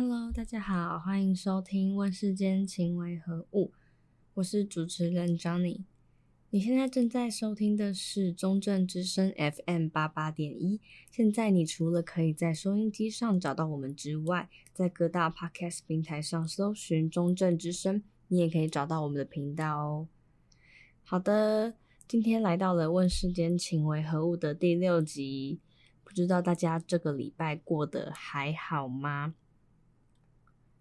Hello，大家好，歡迎收聽《問世間情為何物》，我是主持人 Johnny。你現在正在收聽的是中正之聲 FM 八八點一。現在你除了可以在收音機上找到我們之外，在各大 Podcast 平台上搜尋“中正之聲”，你也可以找到我們的頻道哦。好的，今天來到了《問世間情為何物》的第六集，不知道大家這個禮拜過得還好嗎？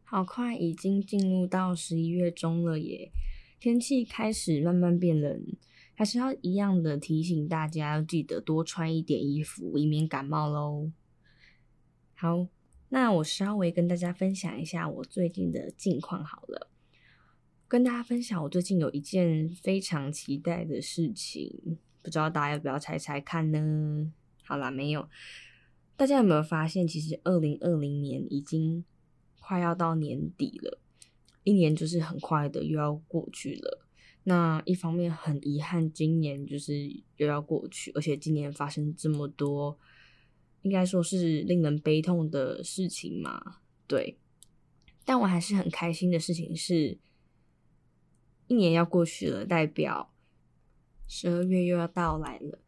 好快，已經進入到十一月中了耶！天氣開始慢慢變冷，還是要一樣的提醒大家，要記得多穿一點衣服，以免感冒嘍。好，那我稍微跟大家分享一下我最近的近況好了。跟大家分享，我最近有一件非常期待的事情，不知道大家要不要猜猜看呢？好啦，沒有。大家有沒有發現，其實二零二零年已經，快要到年底了，一年就是很快的又要過去了。那一方面很遺憾，今年就是又要過去，而且今年發生這麼多，應該說是令人悲痛的事情嘛。對，但我還是很開心的事情是，一年要過去了，代表十二月又要到來了。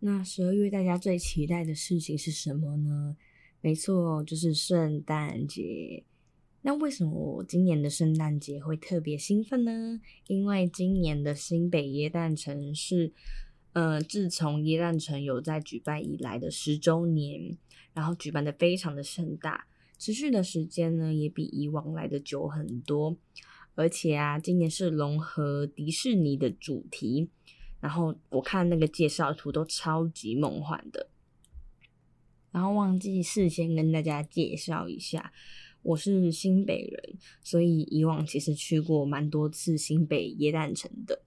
那十二月大家最期待的事情是什麼呢？沒錯，就是聖誕節。那為什麼我今年的聖誕節會特別興奮呢？因為今年的新北耶誕城是，呃，自從耶誕城有在舉辦以來的十週年，然後舉辦的非常的盛大，持續的時間呢也比以往來的久很多，而且啊，今年是融合迪士尼的主題，然後我看那個介紹圖都超級夢幻的，然後忘記事先跟大家介紹一下。我是新北人，所以以往其實去過蠻多次新北耶誕城的。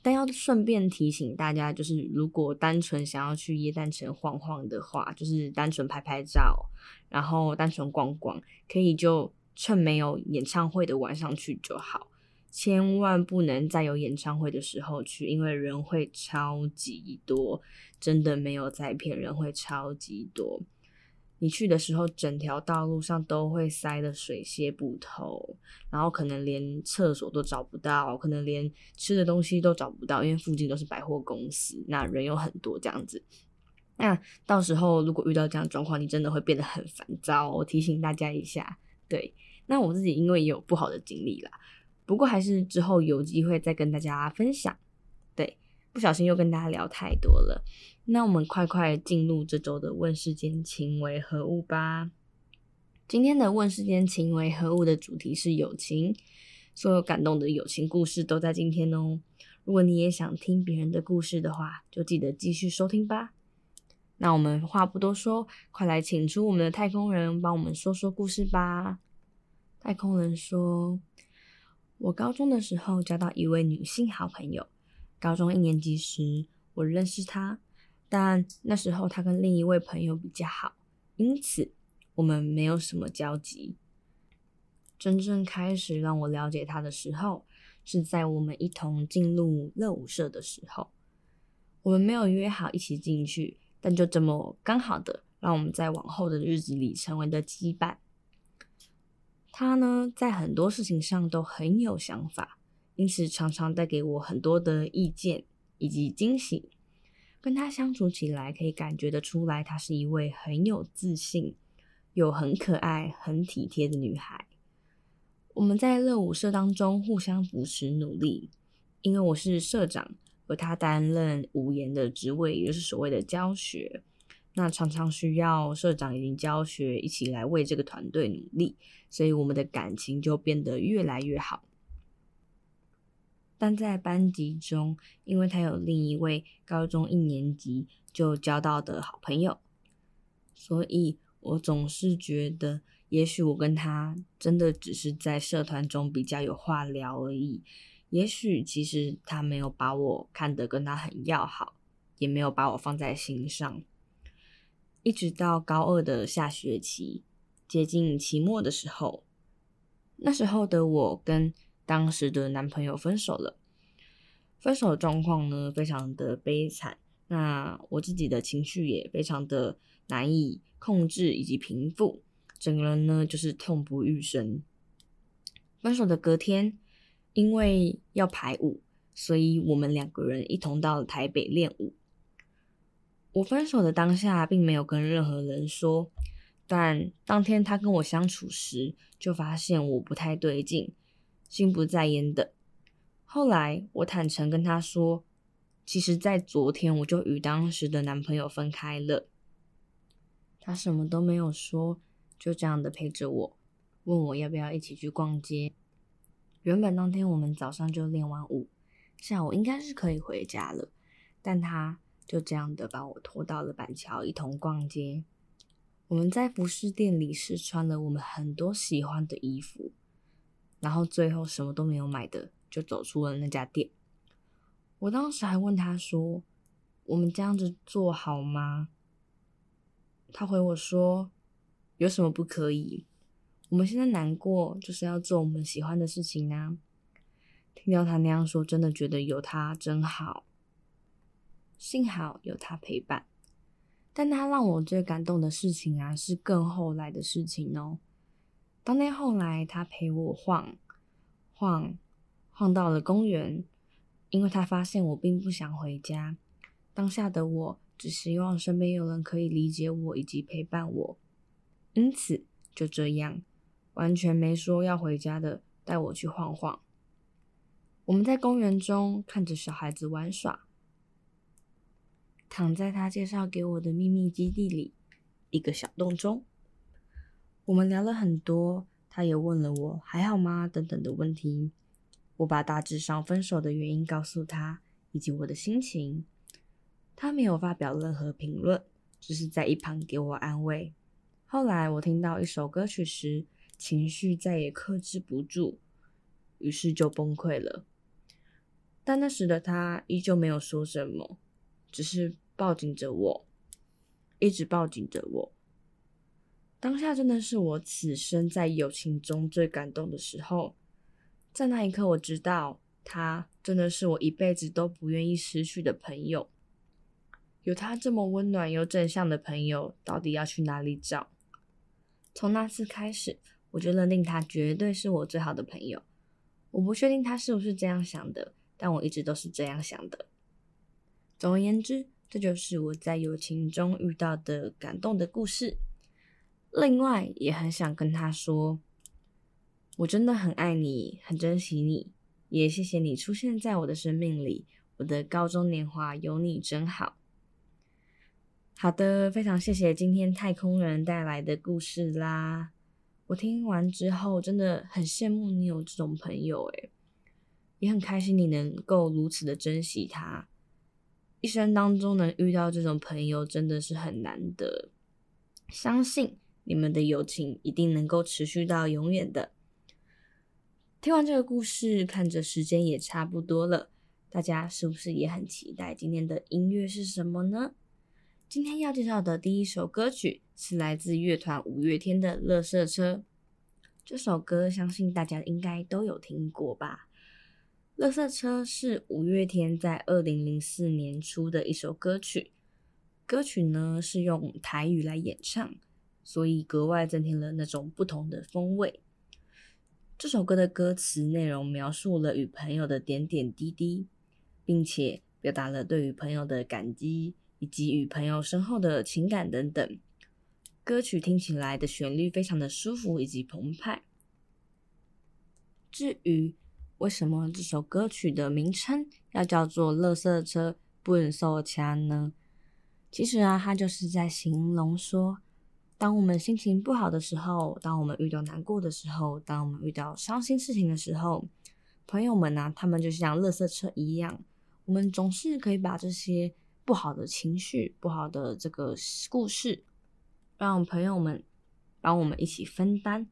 但要順便提醒大家，就是如果單純想要去耶誕城晃晃的話，就是單純拍拍照，然後單純逛逛，可以就趁沒有演唱會的晚上去就好。千萬不能在有演唱會的時候去，因為人會超級多，真的沒有在騙人，會超級多。你去的時候，整條道路上都會塞得水洩不通，然後可能連廁所都找不到，可能連吃的東西都找不到，因為附近都是百貨公司，那人又很多這樣子。那、啊、到時候如果遇到這樣的狀況，你真的會變得很煩躁、哦。我提醒大家一下，對，那我自己因為也有不好的經歷啦，不過還是之後有機會再跟大家分享。不小心又跟大家聊太多了，那我們快快進入這週的“問世間情為何物”吧。今天的“問世間情為何物”的主題是友情，所有感動的友情故事都在今天哦。如果你也想聽別人的故事的話，就記得繼續收聽吧。那我們話不多說，快來請出我們的太空人幫我們說說故事吧。太空人說：“我高中的時候交到一位女性好朋友。”高中一年級時，我認識他，但那時候他跟另一位朋友比較好，因此我們沒有什麼交集。真正開始讓我了解他的時候，是在我們一同進入熱舞社的時候。我們沒有約好一起進去，但就這麼剛好的讓我們在往後的日子裡成為了羈絆。他呢，在很多事情上都很有想法。因此，常常帶給我很多的意見以及驚喜。跟她相處起來，可以感覺得出來，她是一位很有自信、又很可愛、很體貼的女孩。我們在熱舞社當中互相扶持努力，因為我是社長，而她擔任舞研的職位，也就是所謂的教學。那常常需要社長以及教學一起來為這個團隊努力，所以我們的感情就變得越來越好。但在班級中，因為他有另一位高中一年級就交到的好朋友，所以我總是覺得，也許我跟他真的只是在社團中比較有話聊而已。也許其實他沒有把我看得跟他很要好，也沒有把我放在心上。一直到高二的下學期，接近期末的時候，那時候的我跟當時的男朋友分手了，分手的狀況呢，非常的悲慘，那我自己的情緒也非常的難以控制以及平復，整個人呢，就是痛不欲生。分手的隔天，因為要排舞，所以我們兩個人一同到了台北練舞。我分手的當下並沒有跟任何人說，但當天他跟我相處時，就發現我不太對勁。心不在焉的。後來，我坦誠跟他說：“其實，在昨天我就與當時的男朋友分開了。”他什麼都沒有說，就這樣的陪着我，問我要不要一起去逛街。原本當天我們早上就練完舞，下午應該是可以回家了，但他就這樣的把我拖到了板橋一同逛街。我們在服飾店裡試穿了我們很多喜歡的衣服。然後最後什麼都沒有買的，就走出了那家店。我當時還問他說：“我們這樣子做好嗎？”他回我說：“有什麼不可以？我們現在難過，就是要做我們喜歡的事情啊。”聽到他那樣說，真的覺得有他真好。幸好有他陪伴，但他讓我最感動的事情啊，是更後來的事情哦。當天後來，他陪我晃晃晃到了公園，因為他發現我並不想回家。當下的我只希望身邊有人可以理解我以及陪伴我，因此就這樣完全沒說要回家的，帶我去晃晃。我們在公園中看着小孩子玩耍，躺在他介紹給我的秘密基地裡，一個小洞中。我們聊了很多，他也問了我還好嗎等等的問題。我把大致上分手的原因告訴他，以及我的心情。他沒有發表任何評論，只是在一旁給我安慰。後來我聽到一首歌曲時，情緒再也克制不住，於是就崩潰了。但那時的他依舊沒有說什麼，只是抱緊着我，一直抱緊着我。當下真的是我此生在友情中最感動的時候，在那一刻我知道他真的是我一輩子都不願意失去的朋友。有他這麼溫暖又正向的朋友，到底要去哪裡找？從那次開始，我就認定他絕對是我最好的朋友。我不確定他是不是這樣想的，但我一直都是這樣想的。總而言之，這就是我在友情中遇到的感動的故事。另外，也很想跟他說，我真的很愛你，很珍惜你，也謝謝你出現在我的生命裡。我的高中年華有你，真好。好的，非常謝謝今天太空人帶來的故事啦。我聽完之後，真的很羨慕你有這種朋友、欸，誒，也很開心你能夠如此的珍惜他。一生當中能遇到這種朋友，真的是很難得。相信你們的友情一定能夠持續到永遠的。聽完這個故事，看着時間也差不多了，大家是不是也很期待今天的音樂是什麼呢？今天要介紹的第一首歌曲是來自樂團五月天的《垃圾車》。這首歌相信大家應該都有聽過吧？《垃圾車》是五月天在二零零四年出的一首歌曲，歌曲呢是用台語來演唱。所以格外增添了那種不同的風味。這首歌的歌詞內容描述了與朋友的點點滴滴，並且表達了對於朋友的感激以及與朋友深厚的情感等等。歌曲聽起來的旋律非常的舒服以及澎湃。至於為什麼這首歌曲的名稱要叫做《垃圾車不能受槍》呢？其實啊，它就是在形容說。當我們心情不好的時候，當我們遇到難過的時候，當我們遇到傷心事情的時候，朋友們呢、啊，他們就像垃圾車一樣，我們總是可以把這些不好的情緒、不好的這個故事，讓朋友們幫我們一起分擔，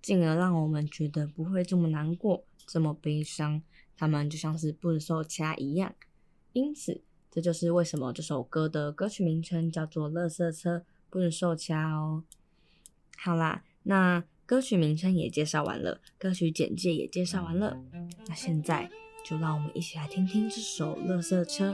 進而讓我們覺得不會這麼難過、這麼悲傷。他們就像是不收錢一樣，因此這就是為什麼這首歌的歌曲名稱叫做《垃圾車》。不能受教哦！好啦，那歌曲名稱也介紹完了，歌曲簡介也介紹完了，那現在就讓我們一起來聽聽這首《樂色車》。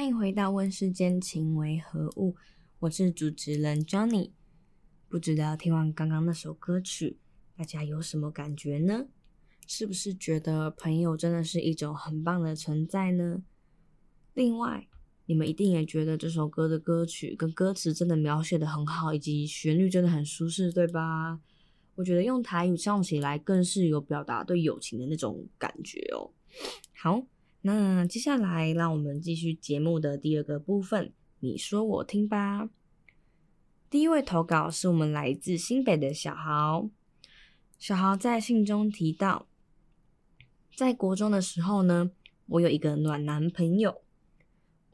歡迎回到問世間情為何物，我是主持人 Johnny。不知道聽完剛剛那首歌曲，大家有什麼感覺呢？是不是覺得朋友真的是一種很棒的存在呢？另外，你們一定也覺得這首歌的歌曲跟歌詞真的描寫得很好，以及旋律真的很舒適，對吧？我覺得用台語唱起來更是有表達對友情的那種感覺哦。好。那接下來，讓我們繼續節目的第二個部分，你說我聽吧。第一位投稿是我們來自新北的小豪。小豪在信中提到，在國中的時候呢，我有一個暖男朋友。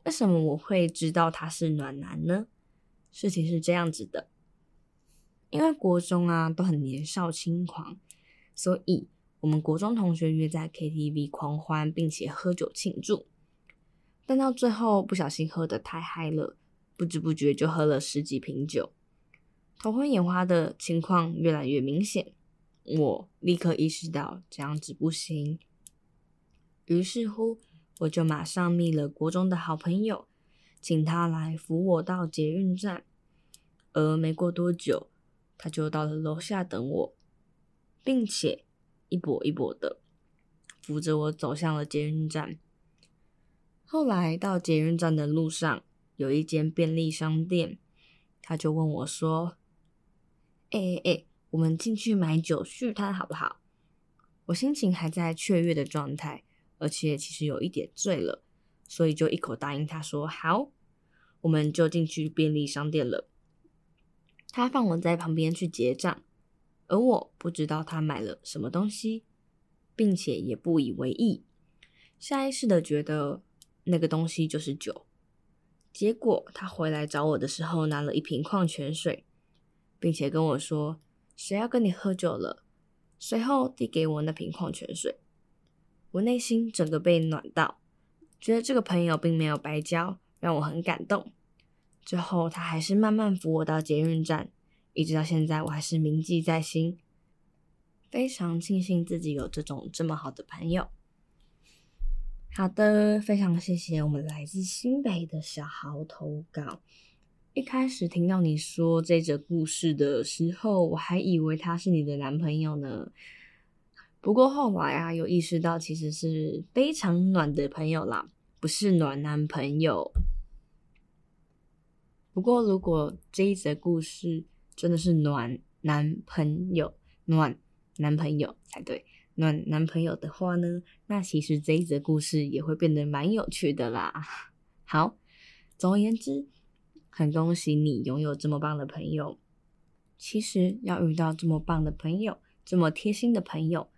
為什麼我會知道他是暖男呢？事情是這樣子的，因為國中啊都很年少輕狂，所以。我們國中同學約在 KTV 狂歡，並且喝酒慶祝，但到最後不小心喝得太嗨了，不知不覺就喝了十幾瓶酒，頭昏眼花的情況越來越明顯，我立刻意識到這樣子不行，於是乎我就馬上密了國中的好朋友，請他來扶我到捷運站，而沒過多久，他就到了樓下等我，並且。一跛一跛的扶着我走向了捷運站。後來到捷運站的路上，有一間便利商店，他就問我說：“哎哎哎，我們進去買酒續攤好不好？”我心情還在雀躍的狀態，而且其實有一點醉了，所以就一口答應他說：“好，我們就進去便利商店了。”他放我在旁邊去結賬。而我不知道他買了什麼東西，並且也不以為意，下意識的覺得那個東西就是酒。結果他回來找我的時候，拿了一瓶礦泉水，並且跟我說：“誰要跟你喝酒了？”隨後遞給我那瓶礦泉水，我內心整個被暖到，覺得這個朋友並沒有白交，讓我很感動。最後他還是慢慢扶我到捷運站。一直到現在，我還是銘記在心。非常慶幸自己有這種這麼好的朋友。好的，非常謝謝我們來自新北的小豪投稿。一開始聽到你說這則故事的時候，我還以為他是你的男朋友呢。不過後來啊，又意識到其實是非常暖的朋友啦，不是暖男朋友。不過如果這一則故事……真的是暖男朋友，暖男朋友才對。暖男朋友的話呢，那其實這一則故事也會變得蠻有趣的啦。好，總而言之，很恭喜你擁有這麼棒的朋友。其實要遇到這麼棒的朋友，這麼貼心的朋友，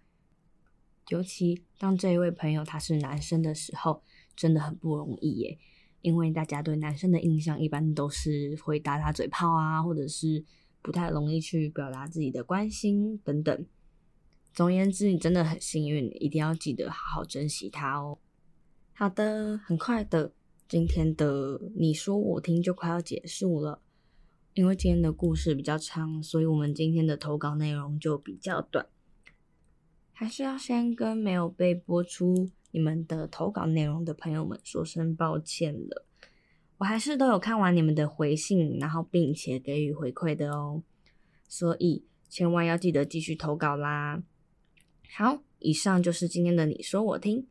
尤其當這一位朋友他是男生的時候，真的很不容易耶。因為大家對男生的印象一般都是會打打嘴炮啊，或者是。不太容易去表達自己的關心等等。總而言之，你真的很幸運，一定要記得好好珍惜它哦。好的，很快的，今天的你說我聽就快要結束了，因為今天的故事比較長，所以我們今天的投稿內容就比較短。還是要先跟沒有被播出你們的投稿內容的朋友們說聲抱歉了。我還是都有看完你們的回信，然後並且給予回饋的哦，所以千萬要記得繼續投稿啦！好，以上就是今天的你說我聽。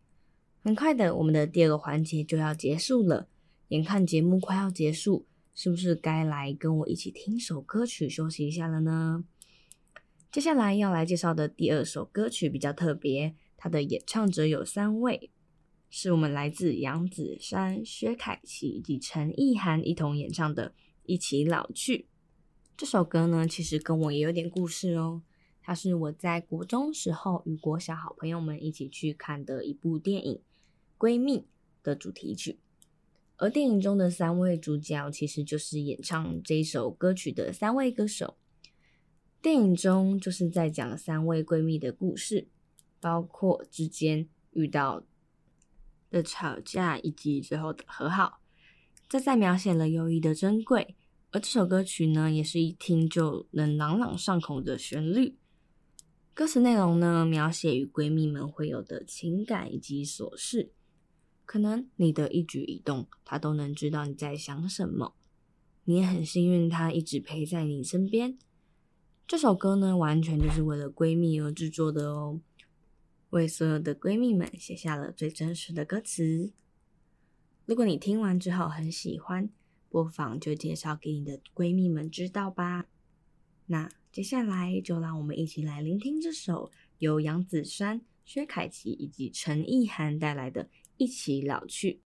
很快的，我們的第二個環節就要結束了，眼看節目快要結束，是不是該來跟我一起聽首歌曲休息一下了呢？接下來要來介紹的第二首歌曲比較特別，它的演唱者有三位。是我們來自楊子姍、薛凱琪以及陳意涵一同演唱的《一起老去》這首歌呢，其實跟我也有點故事哦。它是我在國中時候與國小好朋友們一起去看的一部電影《閨蜜》的主題曲，而電影中的三位主角其實就是演唱這首歌曲的三位歌手。電影中就是在講三位閨蜜的故事，包括之間遇到。的吵架以及最後的和好，這在描寫了友誼的珍貴。而這首歌曲呢，也是一聽就能朗朗上口的旋律。歌詞內容呢，描寫與閨蜜們會有的情感以及瑣事。可能你的一舉一動，她都能知道你在想什麼。你也很幸運，她一直陪在你身邊。這首歌呢，完全就是為了閨蜜而製作的哦。為所有的閨蜜們寫下了最真實的歌詞。如果你聽完之後很喜歡，不妨就介紹給你的閨蜜們知道吧。那接下來就讓我們一起來聆聽這首由楊子姍、薛凱琪以及陳意涵帶來的一起老去。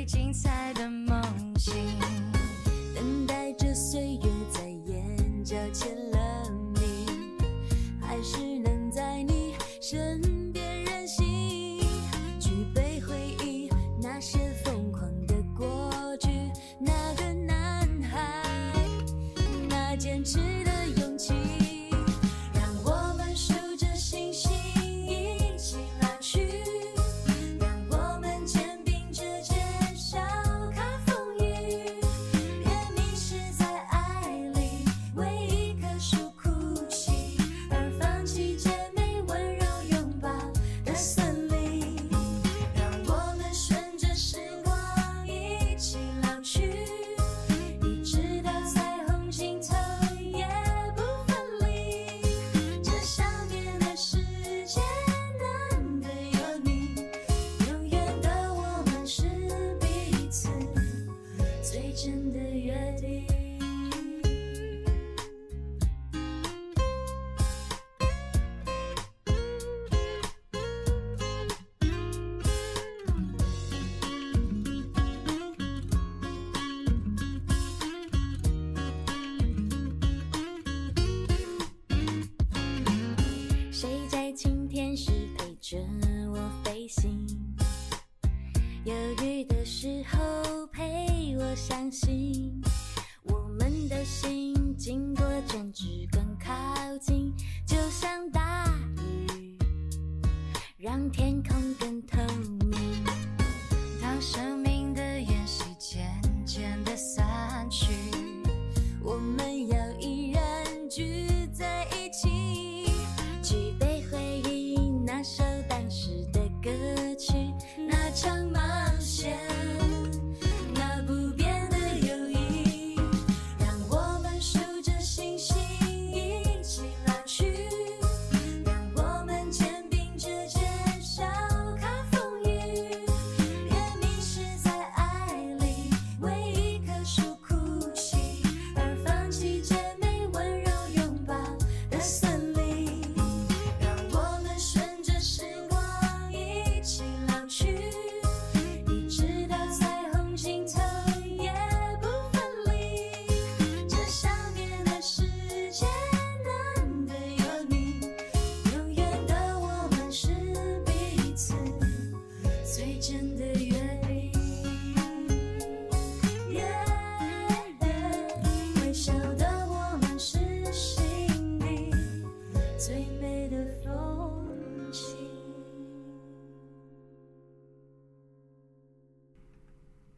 最精彩的夢醒，等待着歲月在眼角簽了名，還是能在你身邊任性。舉杯回憶那些瘋狂的過去，那個男孩，那堅持。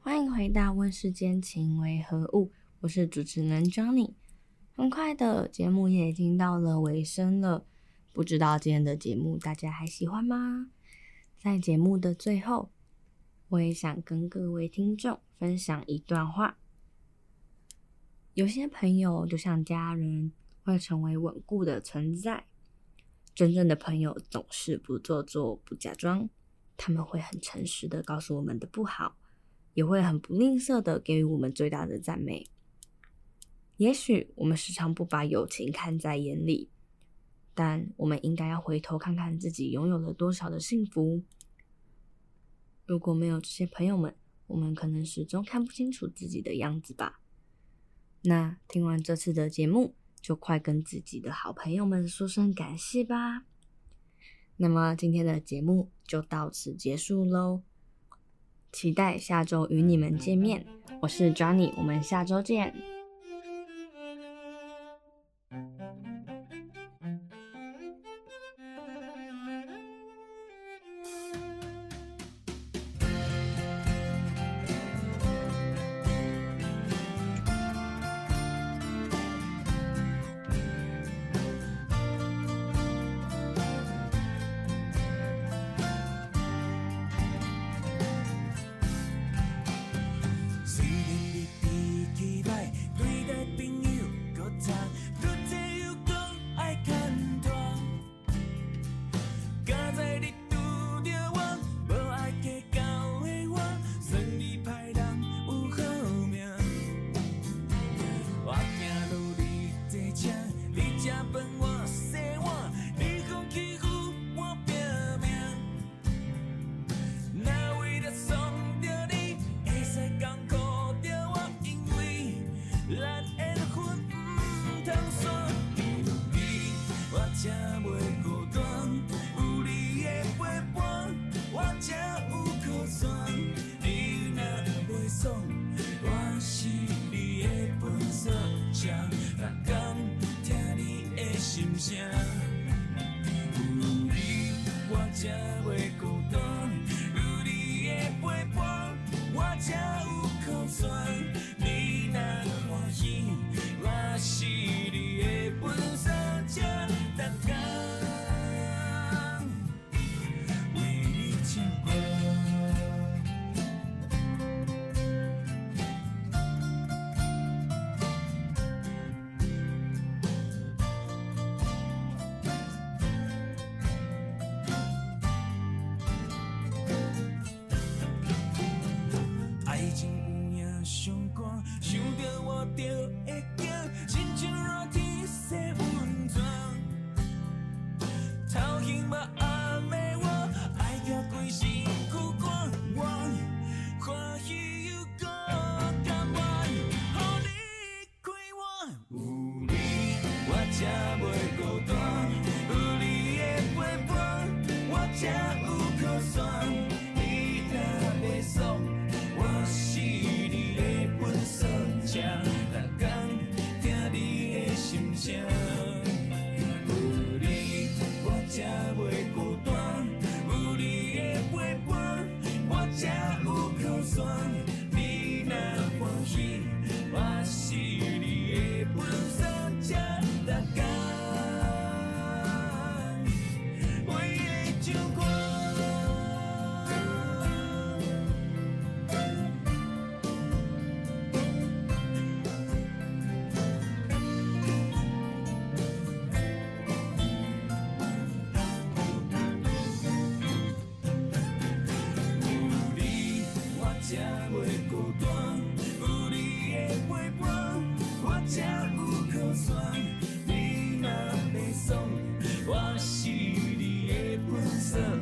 歡迎回到《問世間情為何物》，我是主持人 Johnny。很快的節目也已經到了尾聲了，不知道今天的節目大家還喜歡嗎？在節目的最後，我也想跟各位聽眾分享一段話：有些朋友就像家人，會成為穩固的存在。真正的朋友總是不做作、不假裝，他們會很誠實的告訴我們的不好。也會很不吝嗇的給予我們最大的讚美。也許我們時常不把友情看在眼裡，但我們應該要回頭看看自己擁有了多少的幸福。如果沒有這些朋友們，我們可能始終看不清楚自己的樣子吧。那聽完這次的節目，就快跟自己的好朋友們說聲感謝吧。那麼今天的節目就到此結束嘍。期待下週與你們見面，我是 Johnny，我們下週見。